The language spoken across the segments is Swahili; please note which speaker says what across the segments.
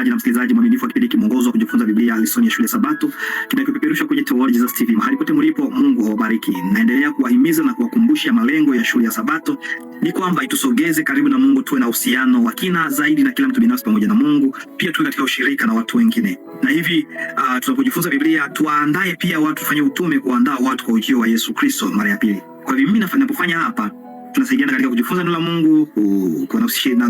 Speaker 1: mtazamaji na msikilizaji mwaminifu wa kipindi Kimongozo wa kujifunza Biblia, lesoni ya shule Sabato, kinachopeperushwa kwenye Teologies TV. Mahali pote mlipo, Mungu awabariki. Naendelea kuwahimiza na kuwakumbusha malengo ya shule ya Sabato ni kwamba itusogeze karibu na Mungu, tuwe na uhusiano wa kina zaidi na kila mtu binafsi pamoja na Mungu, pia tuwe katika ushirika na watu wengine. Na hivi uh, tunapojifunza Biblia tuwaandae pia watu, tufanye utume kuandaa watu kwa ujio wa Yesu Kristo mara ya pili. Kwa hivyo mimi ninapofanya hapa tunasaidiana katika kujifunza neno la Mungu, na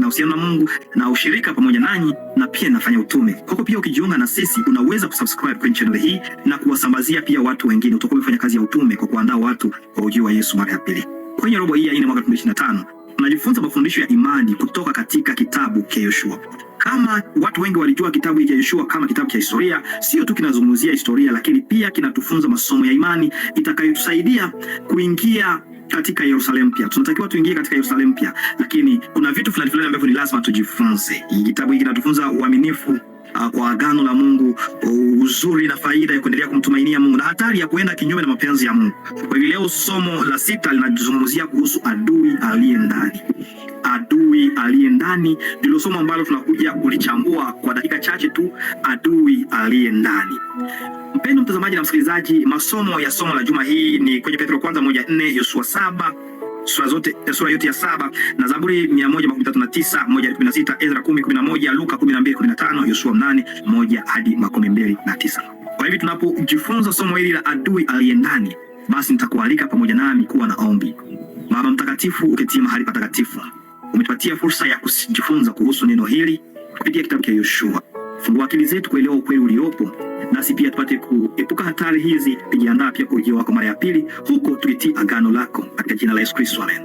Speaker 1: uhusiano na Mungu na ushirika pamoja nanyi, na pia nafanya utume kwako. Pia ukijiunga na sisi unaweza kusubscribe kwenye channel hii na kuwasambazia pia watu wengine. Utakuwa umefanya kazi ya utume kwa kuandaa watu kwa ujio wa Yesu mara ya pili. Kwenye robo hii ya nne mwaka 2025 tunajifunza mafundisho ya imani kutoka katika kitabu cha Yoshua. Kama watu wengi walijua kitabu cha Yoshua kama kitabu cha historia, sio tu kinazungumzia historia, lakini pia kinatufunza masomo ya imani itakayotusaidia kuingia katika Yerusalemu pia, tunatakiwa tuingie katika Yerusalemu pia, lakini kuna vitu fulani fulani ambavyo ni lazima tujifunze. Kitabu hiki kinatufunza uaminifu uh, kwa agano la Mungu, uzuri na faida ya kuendelea kumtumainia Mungu na hatari ya kuenda kinyume na mapenzi ya Mungu. Kwa hivyo leo somo la sita linazungumzia kuhusu adui aliye ndani. Adui aliye ndani ndilo somo ambalo tunakuja kulichambua kwa dakika chache tu. Adui aliye ndani Mpendo mtazamaji na msikilizaji, masomo ya somo la juma hii ni kwenye Petro kwanza moja nne Yosua saba sura zote eh, sura yote ya saba na Zaburi 139 moja hadi sita Ezra 10 11 Luka 12 15 Yosua 8 moja hadi makumi mbili na tisa Kwa hivyo tunapojifunza somo hili la adui aliye ndani, basi nitakualika pamoja nami kuwa na ombi. Baba mtakatifu, uketie mahali patakatifu, umetupatia fursa ya kujifunza kuhusu neno hili kupitia kitabu cha Yoshua. Fungua akili zetu kuelewa ukweli uliopo nasi pia tupate kuepuka hatari hizi. Tujiandaa pia kwa ujio wako mara ya pili, huko tulitii agano lako, katika jina la Yesu Kristo, amen.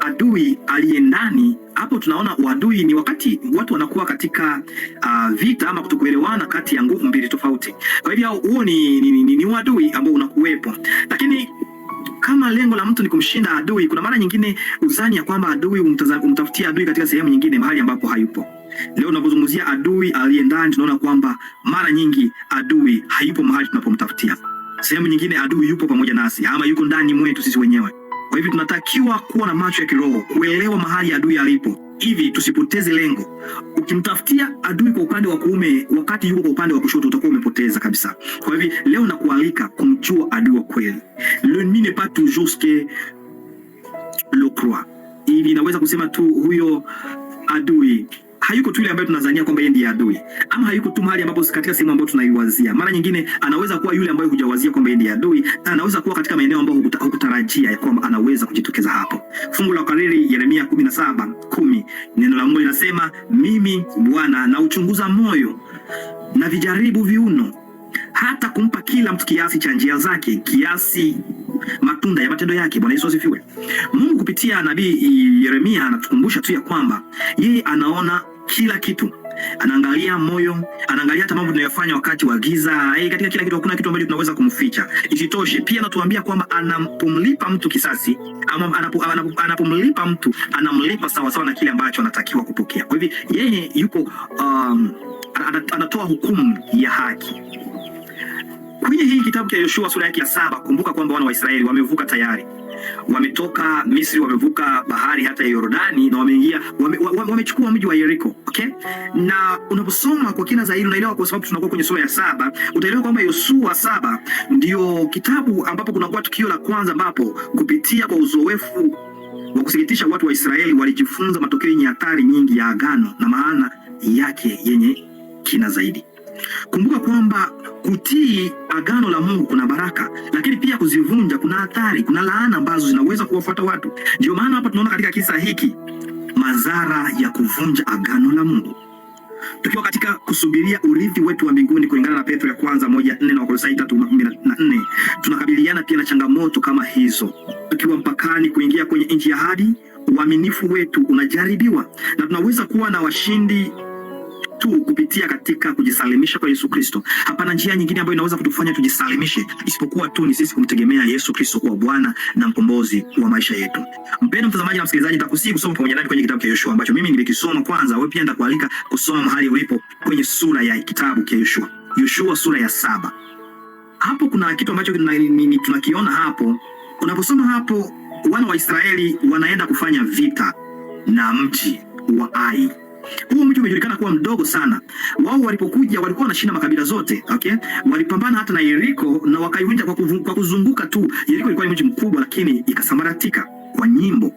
Speaker 1: Adui aliye ndani. Hapo tunaona uadui ni wakati watu wanakuwa katika uh, vita ama kutokuelewana kati ya nguvu mbili tofauti. Kwa hivyo huo ni, ni, ni, ni uadui ambao unakuwepo, lakini kama lengo la mtu ni kumshinda adui, kuna mara nyingine uzani ya kwamba adui umtafutia adui katika sehemu nyingine, mahali ambapo hayupo. Leo tunapozungumzia adui aliye ndani, tunaona kwamba mara nyingi adui hayupo mahali tunapomtafutia. Sehemu nyingine adui yupo pamoja nasi, ama yuko ndani mwetu sisi wenyewe. Kwa hivyo tunatakiwa kuwa na macho ya kiroho, kuelewa mahali adui alipo hivi tusipoteze lengo. Ukimtafutia adui kwa upande wa kuume wakati yuko kwa upande wa kushoto, utakuwa umepoteza kabisa. Kwa hivi leo nakualika kumjua adui wa kweli. L'ennemi n'est pas toujours ce que l'on croit. Hivi naweza kusema tu huyo adui hayuko tu ile ambayo tunazania kwamba yeye ndiye adui, ama hayuko tu mahali ambapo katika sehemu ambayo tunaiwazia. Mara nyingine anaweza kuwa yule ambaye hujawazia kwamba yeye ndiye adui, anaweza kuwa katika maeneo ambayo hukutarajia ya kwamba anaweza kujitokeza hapo. Fungu la ukariri Yeremia 17:10, neno la Mungu linasema, mimi Bwana na uchunguza moyo na vijaribu viuno, hata kumpa kila mtu kiasi cha njia zake, kiasi matunda ya matendo yake. Bwana Yesu asifiwe. Mungu kupitia nabii Yeremia anatukumbusha tu ya kwamba yeye anaona kila kitu, anaangalia moyo, anaangalia hata mambo tunayofanya wakati wa giza. Hey, eh, katika kila kitu hakuna kitu ambacho tunaweza kumficha. Isitoshe pia anatuambia kwamba anapomlipa mtu kisasi ama anapomlipa mtu anamlipa sawasawa na kile ambacho anatakiwa kupokea. Kwa hivyo yeye yuko um, anatoa hukumu ya haki kwenye hii kitabu cha Yoshua sura yake ya saba. Kumbuka kwamba wana wa Israeli wamevuka tayari wametoka Misri, wamevuka bahari hata Yordani na wameingia, wamechukua wame mji wa Yeriko. Okay? Na unaposoma kwa kina zaidi unaelewa, kwa sababu tunakuwa kwenye sura ya saba, utaelewa kwamba yosua saba ndio kitabu ambapo kunakuwa tukio la kwanza ambapo kupitia kwa uzoefu wa kusikitisha watu wa Israeli walijifunza matokeo yenye hatari nyingi ya agano na maana yake yenye kina zaidi. Kumbuka kwamba kutii agano la Mungu kuna baraka, lakini pia kuzivunja kuna athari, kuna laana ambazo zinaweza kuwafuata watu. Ndio maana hapa tunaona katika kisa hiki madhara ya kuvunja agano la Mungu. Tukiwa katika kusubiria urithi wetu wa mbinguni kulingana na Petro ya kwanza moja nne na Wakolosai tatu kumi na nne tunakabiliana pia na changamoto kama hizo. Tukiwa mpakani kuingia kwenye nchi ya ahadi, uaminifu wetu unajaribiwa na tunaweza kuwa na washindi tu kupitia katika kujisalimisha kwa Yesu Kristo. Hapana njia nyingine ambayo inaweza kutufanya tujisalimishe isipokuwa tu ni sisi kumtegemea Yesu Kristo kuwa Bwana na mkombozi wa maisha yetu. Mpendwa mtazamaji na msikilizaji, nitakusihi kusoma pamoja nami kwenye kitabu cha Yoshua ambacho mimi nilikisoma kwanza. Wewe pia ndakualika kusoma mahali ulipo kwenye sura ya kitabu cha Yoshua, Yoshua sura ya saba. Hapo kuna kitu ambacho tunakiona hapo, unaposoma hapo wana wa Israeli wanaenda kufanya vita na mji wa Ai. Huu mji umejulikana kuwa mdogo sana. Wao walipokuja walikuwa wanashinda makabila zote, okay? Walipambana hata na Yeriko na wakaivunja kwa, kwa kuzunguka tu. Yeriko ilikuwa ni mji mkubwa, lakini ikasambaratika kwa nyimbo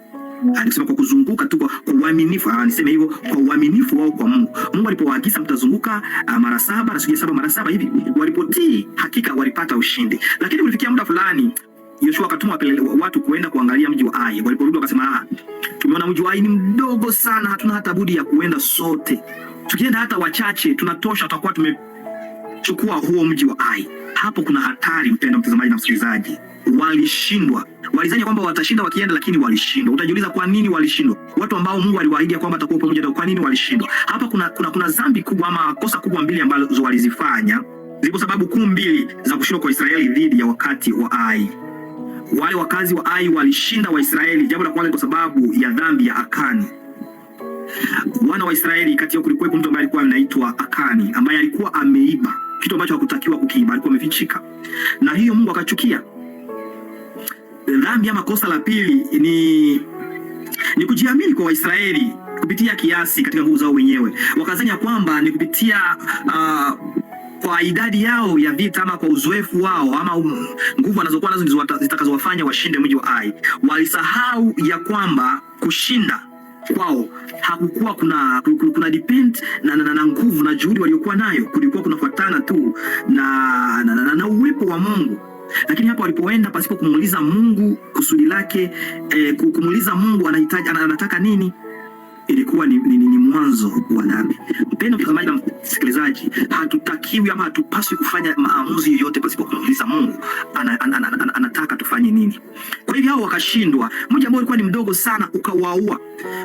Speaker 1: alisema kwa kuzunguka tu kwa uaminifu, ah, niseme hivyo, kwa uaminifu wao kwa Mungu. Mungu alipowaagiza mtazunguka ah, mara saba na sijui saba mara saba hivi, walipotii hakika walipata ushindi, lakini ulifikia muda fulani Yoshua akatuma watu kuenda kuangalia mji wa Ai. Waliporudi wakasema, ah, tumeona mji wa Ai ni mdogo sana, hatuna hata budi ya kuenda sote. Tukienda hata wachache tunatosha, tutakuwa tumechukua huo mji wa Ai. Hapo kuna hatari, mpendwa mtazamaji na msikilizaji. Walishindwa, walizania kwamba watashinda wakienda, lakini walishindwa. Utajiuliza kwa nini walishindwa? Watu ambao Mungu aliwaahidi kwamba atakuwa pamoja nao, kwa nini walishindwa? Hapa kuna, kuna, kuna dhambi kubwa ama kosa kubwa mbili ambazo walizifanya. Zipo sababu kuu mbili za kushindwa kwa Israeli dhidi ya wakati wa Ai wale wakazi wa Ai walishinda Waisraeli. Jambo la kwanza kwa sababu ya dhambi ya Akani. Wana wa Israeli, kati yao kulikuwa mtu ambaye alikuwa anaitwa Akani, ambaye alikuwa ameiba kitu ambacho hakutakiwa kukiiba, alikuwa amefichika, na hiyo Mungu akachukia. Dhambi ama kosa la pili ni, ni kujiamini kwa Waisraeli kupitia kiasi katika nguvu zao wenyewe, wakazania kwamba ni kupitia uh, kwa idadi yao ya vita ama kwa uzoefu wao ama um, nguvu wanazokuwa nazo ndizo zitakazowafanya washinde mji wa Ai. Walisahau ya kwamba kushinda kwao hakukuwa kuna, kuna depend na, na, na nguvu na juhudi waliokuwa nayo, kulikuwa kunafuatana tu na, na, na, na uwepo wa Mungu lakini hapa walipoenda pasipo kumuuliza Mungu kusudi lake, eh, kumuuliza Mungu anahitaji anataka nini, ilikuwa ni, ni, ni ni mwanzo wa nami. Mpendo mtazamaji na msikilizaji, hatutakiwi ama hatupaswi kufanya maamuzi yoyote pasipo kumuuliza Mungu ana, an, an, an, anataka tufanye nini. Kwa hivyo hao wakashindwa, mmoja ambao ulikuwa ni mdogo sana ukawaua,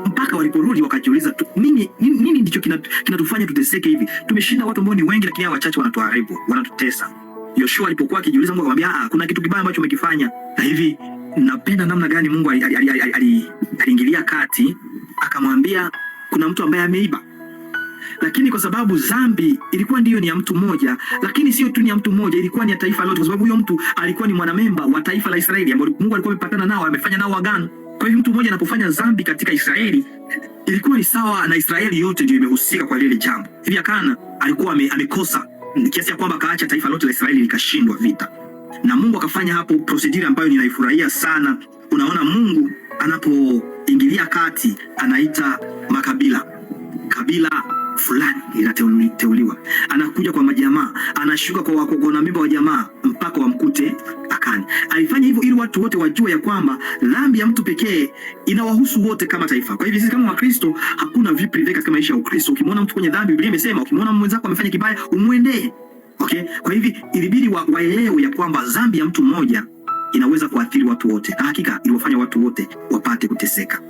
Speaker 1: mpaka waliporudi wakajiuliza nini, nini ndicho kinatufanya kina tuteseke hivi? Tumeshinda watu ambao ni wengi, lakini hao wachache wanatuharibu, wanatutesa. Yoshua alipokuwa akijiuliza, Mungu akamwambia, ah, kuna kitu kibaya ambacho umekifanya. Na hivi napenda namna gani Mungu aliingilia kati akamwambia kuna mtu ambaye ameiba, lakini kwa sababu dhambi ilikuwa ndiyo ni ya mtu mmoja, lakini sio tu ni ya mtu mmoja, ilikuwa ni ya taifa lote, kwa sababu huyo mtu alikuwa ni mwanamemba wa taifa la Israeli ambao Mungu alikuwa amepatana nao, amefanya nao agano. Kwa hiyo mtu mmoja anapofanya dhambi katika Israeli ilikuwa ni sawa na Israeli yote ndio imehusika kwa lile jambo. Hivi Akana alikuwa ame, amekosa kiasi ya kwamba akaacha taifa lote la Israeli likashindwa vita, na Mungu akafanya hapo procedure ambayo ninaifurahia sana. Unaona Mungu anapo ingilia kati, anaita makabila, kabila fulani inateuliwa, anakuja kwa majamaa, anashuka kwa wakogo na mimba wa jamaa mpaka wamkute akani. Alifanya hivyo ili watu wote wajue ya kwamba dhambi ya mtu pekee inawahusu wote kama taifa. Kwa hivyo sisi kama Wakristo hakuna viprive katika maisha ya Ukristo. Ukimwona mtu kwenye dhambi, Biblia imesema ukimwona mwenzako amefanya kibaya umwendee. Okay, kwa hivi ilibidi waelewe ya kwamba dhambi ya mtu mmoja inaweza kuathiri watu wote, na hakika iliwafanya watu wote wapate kuteseka.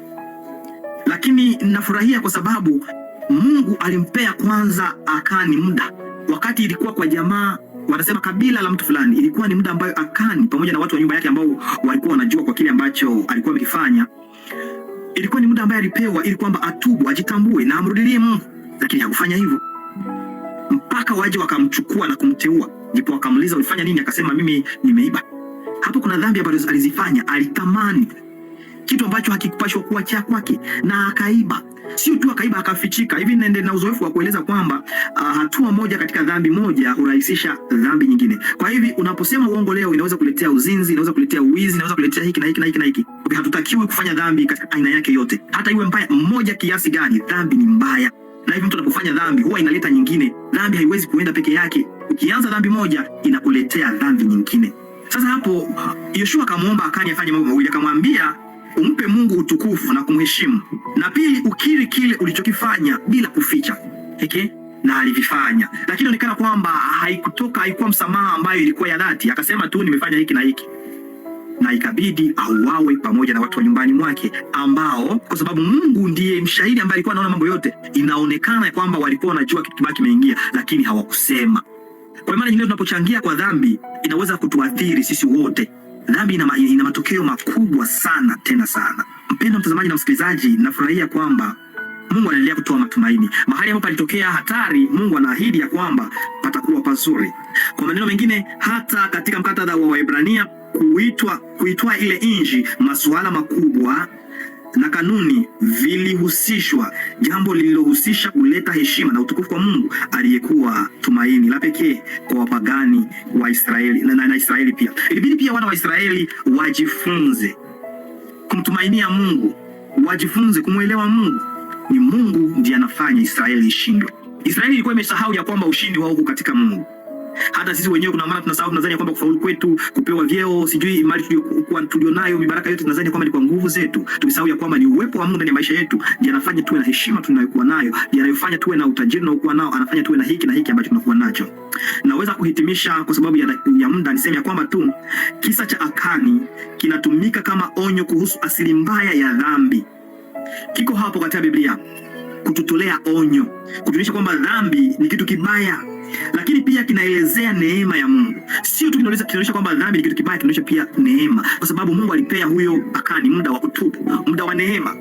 Speaker 1: Lakini ninafurahia kwa sababu Mungu alimpea kwanza Akani muda, wakati ilikuwa kwa jamaa wanasema kabila la mtu fulani, ilikuwa ni muda ambayo Akani pamoja na watu wa nyumba yake ambao walikuwa wanajua kwa kile ambacho alikuwa amekifanya, ilikuwa ni muda ambayo alipewa ili kwamba atubu, ajitambue na amrudilie Mungu, lakini hakufanya hivyo mpaka waje wakamchukua na kumteua, ndipo wakamuliza ulifanya nini? Akasema mimi nimeiba. Hapo kuna dhambi ambazo alizifanya, alitamani kitu ambacho hakikupashwa kuwa cha kwake na akaiba. Sio tu akaiba, akafichika hivi. Naendelea na uzoefu wa kueleza kwamba uh, hatua moja katika dhambi moja hurahisisha dhambi nyingine. Kwa hivi unaposema uongo leo, inaweza kuletea uzinzi, inaweza kuletea uwizi, inaweza kuletea hiki na hiki na hiki na hiki. Hatutakiwi kufanya dhambi katika aina yake yote, hata iwe mbaya mmoja kiasi gani, dhambi ni mbaya na hivi mtu anapofanya dhambi huwa inaleta nyingine. Dhambi haiwezi kuenda peke yake. Ukianza dhambi moja, inakuletea dhambi nyingine. Sasa hapo Yoshua akamwomba Akani afanye mambo mawili, akamwambia umpe Mungu utukufu na kumheshimu, na pili ukiri kile ulichokifanya bila kuficha okay? na alivifanya, lakini onekana kwamba haikutoka, haikuwa msamaha ambayo ilikuwa ya dhati. Akasema tu nimefanya hiki na hiki, na ikabidi auawe pamoja na watu wa nyumbani mwake, ambao kwa sababu Mungu ndiye mshahidi ambaye alikuwa anaona mambo yote, inaonekana kwamba walikuwa wanajua kitu kibaya kimeingia, lakini hawakusema. Kwa maana nyingine, tunapochangia kwa dhambi inaweza kutuathiri sisi wote. Dhambi ina, ina matokeo makubwa sana tena sana. Mpendwa mtazamaji na msikilizaji, nafurahia kwamba Mungu anaendelea kutoa matumaini. Mahali ambapo palitokea hatari, Mungu anaahidi ya kwamba patakuwa pazuri. Kwa maneno mengine, hata katika mkatadha wa Waebrania kuitwa kuitwa ile inji masuala makubwa na kanuni vilihusishwa, jambo lililohusisha kuleta heshima na utukufu kwa Mungu aliyekuwa tumaini la pekee kwa wapagani wa Israeli na, na, na Israeli pia. Ilibidi pia wana wa Israeli wajifunze kumtumainia Mungu, wajifunze kumwelewa Mungu. Ni Mungu ndiye anafanya Israeli ishindwe. Israeli ilikuwa imesahau ya kwamba ushindi wao uko katika Mungu. Hata sisi wenyewe kuna mara tunasahau, tunadhani kwamba kufaulu kwetu, kupewa vyeo, sijui mali tuliyokuwa tulionayo, mibaraka yote tunadhani kwamba ni kwa nguvu zetu. Tumesahau ya kwamba ni uwepo wa Mungu ndani ya maisha yetu ndiye anafanya tuwe na heshima tunayokuwa nayo, ndiye anayofanya tuwe na utajiri tunaokuwa nao, anafanya tuwe na hiki na hiki ambacho tunakuwa nacho. Naweza kuhitimisha kwa sababu ya, ya muda niseme ya kwamba tu kisa cha Akani kinatumika kama onyo kuhusu asili mbaya ya dhambi, kiko hapo katika Biblia kututolea onyo, kutuonyesha kwamba dhambi ni kitu kibaya, lakini pia kinaelezea neema ya Mungu. Sio tu kinaonyesha kwamba dhambi ni kitu kibaya, kinaonyesha pia neema, kwa sababu Mungu alipea huyo Akani muda wa kutubu, muda wa neema.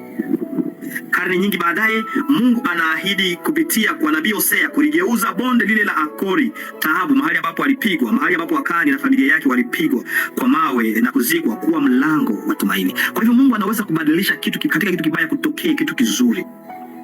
Speaker 1: Karne nyingi baadaye, Mungu anaahidi kupitia kwa nabii Hosea kuligeuza bonde lile la Akori, taabu, mahali ambapo alipigwa, mahali ambapo Akani na familia yake walipigwa kwa mawe na kuzikwa, kuwa mlango wa tumaini. Kwa hivyo Mungu anaweza kubadilisha kitu katika kitu kibaya kutokea kitu kizuri.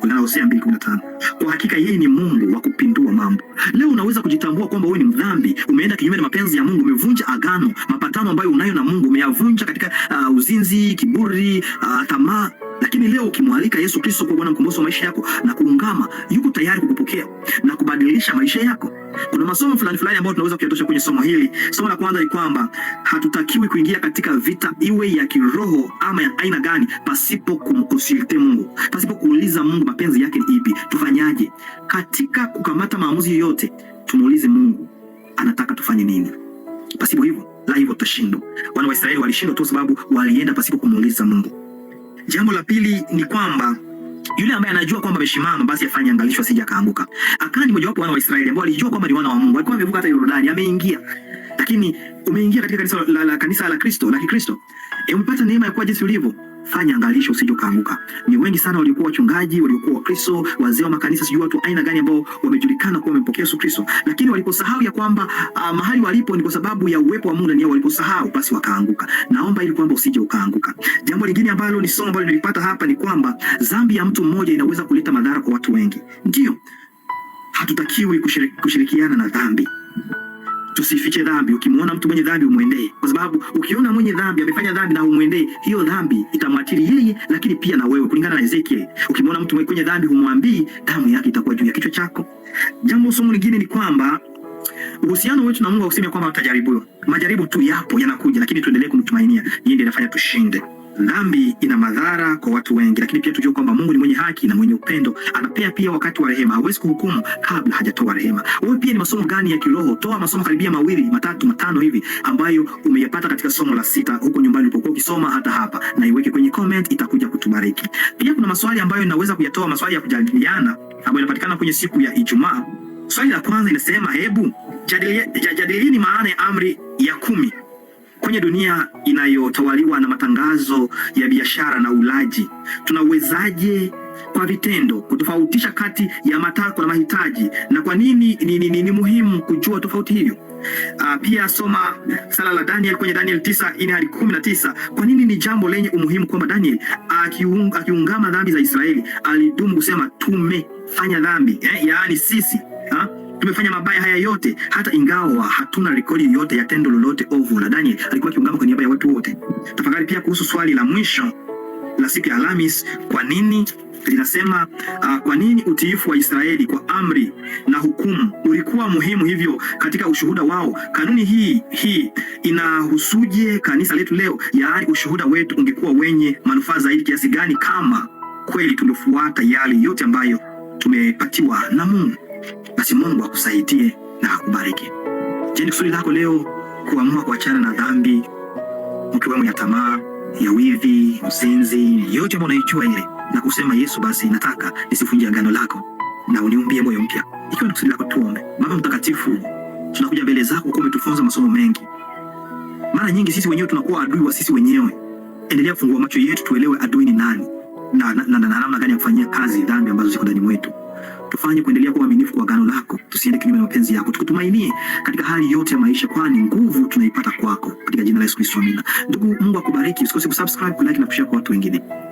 Speaker 1: Galatia 2:15. Kwa hakika yeye ni Mungu wa kupindua mambo. Leo unaweza kujitambua kwamba wewe ni mdhambi, umeenda kinyume na mapenzi ya Mungu, umevunja agano, mapatano ambayo unayo na Mungu umeyavunja katika uh, uzinzi, kiburi, uh, tamaa. Lakini leo ukimwalika Yesu Kristo kuwa Bwana mkombozi wa maisha yako na kuungama, yuko tayari kukupokea na kubadilisha maisha yako. Kuna masomo fulani fulani ambayo tunaweza kuyatosha kwenye somo hili. Somo la kwanza ni kwamba hatutakiwi kuingia katika vita iwe ya kiroho ama ya aina gani pasipo kumkonsulte Mungu, pasipo kuuliza Mungu mapenzi yake ni ipi, tufanyaje katika kukamata maamuzi yoyote. Tumuulize Mungu anataka tufanye nini. Pasipo hivyo, la hivyo tutashindwa. Wana wa Israeli walishindwa tu sababu walienda pasipo kumuuliza Mungu. Jambo la pili ni kwamba yule ambaye anajua kwamba ameshimama basi afanye angalisho asije akaanguka. Akani ni mojawapo wana wa Israeli ambao walijua kwamba ni wana wa Mungu. Alikuwa amevuka hata Yordani, ameingia. Lakini umeingia katika kanisa la, la, la kanisa la Kristo, la Kikristo. E, umepata neema ya kuwa jinsi ulivyo fanya angalisho, usije ukaamuka. Ni wengi sana waliokuwa wachungaji, waliokuwa Wakristo, wazee wa makanisa, sijui watu aina gani ambao wamejulikana kuwa wamempokea Yesu Kristo, lakini waliposahau ya kwamba uh, mahali walipo ni kwa sababu ya uwepo wa Mungu ndani yao, waliposahau basi wakaanguka. Naomba ili kwamba usije ukaanguka. Jambo lingine ambalo ni somo ambalo nilipata hapa ni kwamba dhambi ya mtu mmoja inaweza kuleta madhara kwa watu wengi. Ndio hatutakiwi kushirikiana na dhambi tusifiche dhambi. Ukimwona mtu mwenye dhambi umwendee, kwa sababu ukiona mwenye dhambi amefanya dhambi na umwendee, hiyo dhambi itamwathiri yeye, lakini pia na wewe, kulingana na Ezekiel. Ukimwona mtu mwenye dhambi humwambii, damu yake itakuwa juu ya kichwa chako. Jambo somo lingine ni kwamba uhusiano wetu na Mungu hausemi kwamba utajaribiwa. Majaribu tu yapo, yanakuja, lakini tuendelee kumtumainia yeye, ndiye anafanya tushinde dhambi ina madhara kwa watu wengi, lakini pia tujue kwamba Mungu ni mwenye haki na mwenye upendo, anapea pia wakati wa rehema. Hawezi kuhukumu kabla hajatoa rehema. Wewe pia ni masomo gani ya kiroho? Toa masomo karibia mawili matatu matano hivi ambayo umeyapata katika somo la sita huko nyumbani ulipokuwa ukisoma, hata hapa, na iweke kwenye comment, itakuja kutubariki. Pia kuna maswali ambayo naweza kuyatoa, maswali ya kujadiliana ambayo inapatikana kwenye siku ya Ijumaa. Swali la kwanza inasema, hebu jadilieni jadili maana ya amri ya kumi Kwenye dunia inayotawaliwa na matangazo ya biashara na ulaji, tunawezaje kwa vitendo kutofautisha kati ya matakwa na mahitaji, na kwa nini ni, ni, ni, ni muhimu kujua tofauti hiyo? Uh, ah, pia soma sala la Daniel kwenye Daniel 9 ine hadi kumi na tisa. Kwa nini ni jambo lenye umuhimu kwamba Daniel akiungama dhambi za Israeli alidumu kusema tumefanya dhambi eh, yaani sisi Tumefanya mabaya haya yote hata ingawa hatuna rekodi yoyote ya tendo lolote ovu. Daniel, alikuwa akiungama kwa niaba ya watu wote. Tafakari pia kuhusu swali la mwisho la siku ya Alhamis, kwa nini linasema uh, kwa nini utiifu wa Israeli kwa amri na hukumu ulikuwa muhimu hivyo katika ushuhuda wao? Kanuni hii hii inahusuje kanisa letu leo? Yaani, ushuhuda wetu ungekuwa wenye manufaa zaidi kiasi gani kama kweli tungefuata yale yote ambayo tumepatiwa na Mungu? basi Mungu akusaidie na akubariki. Je, ni kusudi lako leo kuamua kuachana na dhambi ukiwemo ya tamaa ya wivi, uzinzi, yote ambayo unaichua ile na kusema Yesu, basi nataka nisifunje agano lako na uniumbie moyo mpya. Ikiwa ni kusudi lako, tuombe. Baba mtakatifu, tunakuja mbele zako kwa umetufunza masomo mengi. Mara nyingi sisi wenyewe tunakuwa adui wa sisi wenyewe. Endelea kufungua macho yetu tuelewe adui ni nani na namna gani ya kufanyia kazi dhambi ambazo ziko ndani mwetu. Tufanye kuendelea kuwa waaminifu kwa agano lako, tusiende kinyume na mapenzi yako, tukutumainie katika hali yote ya maisha, kwani nguvu tunaipata kwako, katika jina la Yesu Kristo, amina. Ndugu, Mungu akubariki. Usikose kusubscribe, kulike na kushare kwa watu wengine.